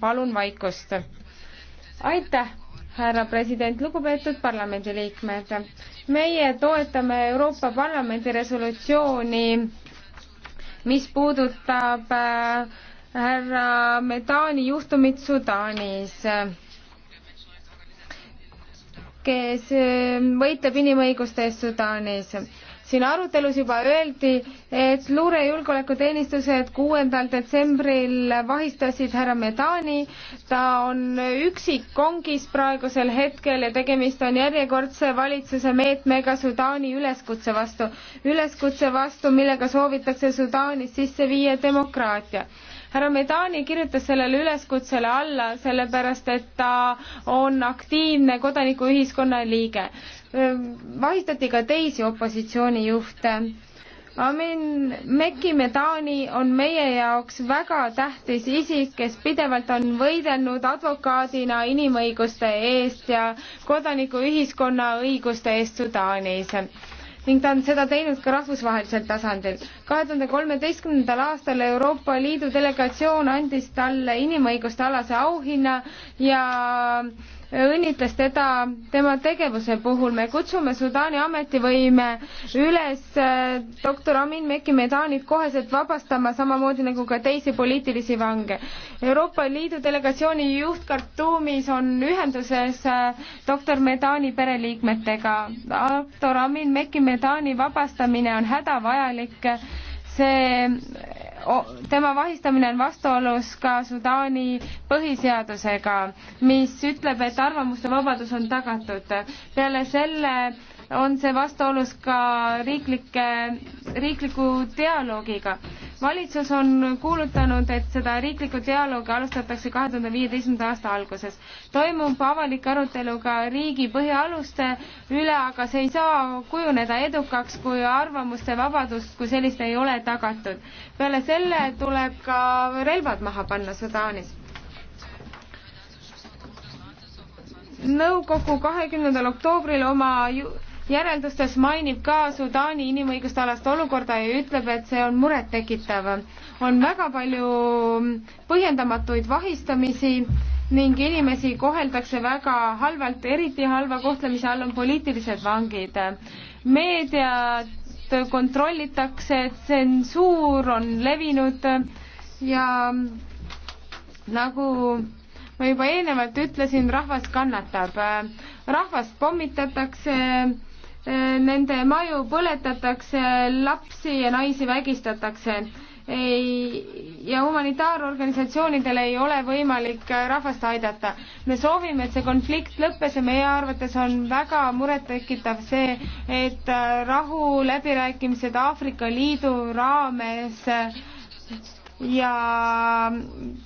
palun vaikust. aitäh, härra president, lugupeetud parlamendiliikmed. meie toetame Euroopa Parlamendi resolutsiooni, mis puudutab äh, härra Medani juhtumit Sudaanis kes äh, võitleb inimõiguste eest Sudaanis siin arutelus juba öeldi, et luure- ja julgeolekuteenistused kuuendal detsembril vahistasid härra Medani. ta on üksikkongis praegusel hetkel ja tegemist on järjekordse valitsuse meetmega Sudaani üleskutse vastu. üleskutse vastu, millega soovitakse Sudaanis sisse viia demokraatia härra Medani kirjutas sellele üleskutsele alla, sellepärast et ta on aktiivne kodanikuühiskonna liige. Ehm, vahistati ka teisi opositsioonijuhte Amin Mekki Medani on meie jaoks väga tähtis isik, kes pidevalt on võidelnud advokaadina inimõiguste eest ja kodanikuühiskonna õiguste eest Sudaanis ning ta on seda teinud ka rahvusvahelisel tasandil. kahe tuhande kolmeteistkümnendal aastal Euroopa Liidu delegatsioon andis talle inimõiguste alase auhinna ja õnnitles teda tema tegevuse puhul. me kutsume Sudaani ametivõime üles äh, doktor Amin Mekki Medanit koheselt vabastama, samamoodi nagu ka teisi poliitilisi vange. Euroopa Liidu delegatsiooni juht Khartoumis on ühenduses äh, doktor Medani pereliikmetega. doktor Amin Mekki Medani vabastamine on hädavajalik see tema vahistamine on vastuolus ka Sudaani põhiseadusega, mis ütleb, et arvamuste vabadus on tagatud. peale selle on see vastuolus ka riiklike, riikliku dialoogiga valitsus on kuulutanud, et seda riiklikku dialoogi alustatakse kahe tuhande viieteistkümnenda aasta alguses. toimub avalik arutelu ka riigi põhialuste üle, aga see ei saa kujuneda edukaks, kui arvamuste vabadust kui sellist ei ole tagatud. peale selle tuleb ka relvad maha panna Sudaanis nõukogu kahekümnendal oktoobril oma ju järeldustes mainib ka Sudaani inimõiguste alast olukorda ja ütleb, et see on murettekitav. on väga palju põhjendamatuid vahistamisi ning inimesi koheldakse väga halvalt, eriti halva kohtlemise all on poliitilised vangid. meediat kontrollitakse, tsensuur on levinud ja nagu ma juba eelnevalt ütlesin, rahvas kannatab. rahvast pommitatakse nende maju põletatakse, lapsi ja naisi vägistatakse. ei, ja humanitaarorganisatsioonidel ei ole võimalik rahvast aidata. me soovime, et see konflikt lõppes ja meie arvates on väga murettekitav see, et rahuläbirääkimised Aafrika Liidu raames ja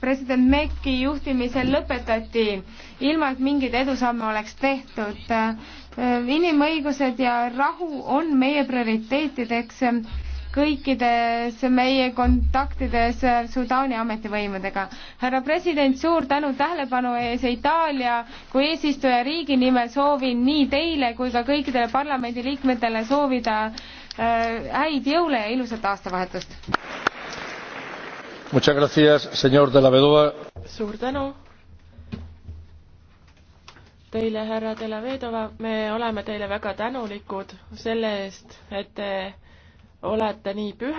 president Mekki juhtimisel lõpetati, ilma et mingeid edusamme oleks tehtud. inimõigused ja rahu on meie prioriteetideks kõikides meie kontaktides Sudaani ametivõimudega. härra president, suur tänu tähelepanu ees Itaalia kui eesistujariigi nimel soovin nii teile kui ka kõikidele parlamendiliikmetele soovida äh, häid jõule ja ilusat aastavahetust! Gracias, suur tänu teile härra de la vedova me oleme teile väga tänulikud selle eest et te olete nii pühendunud.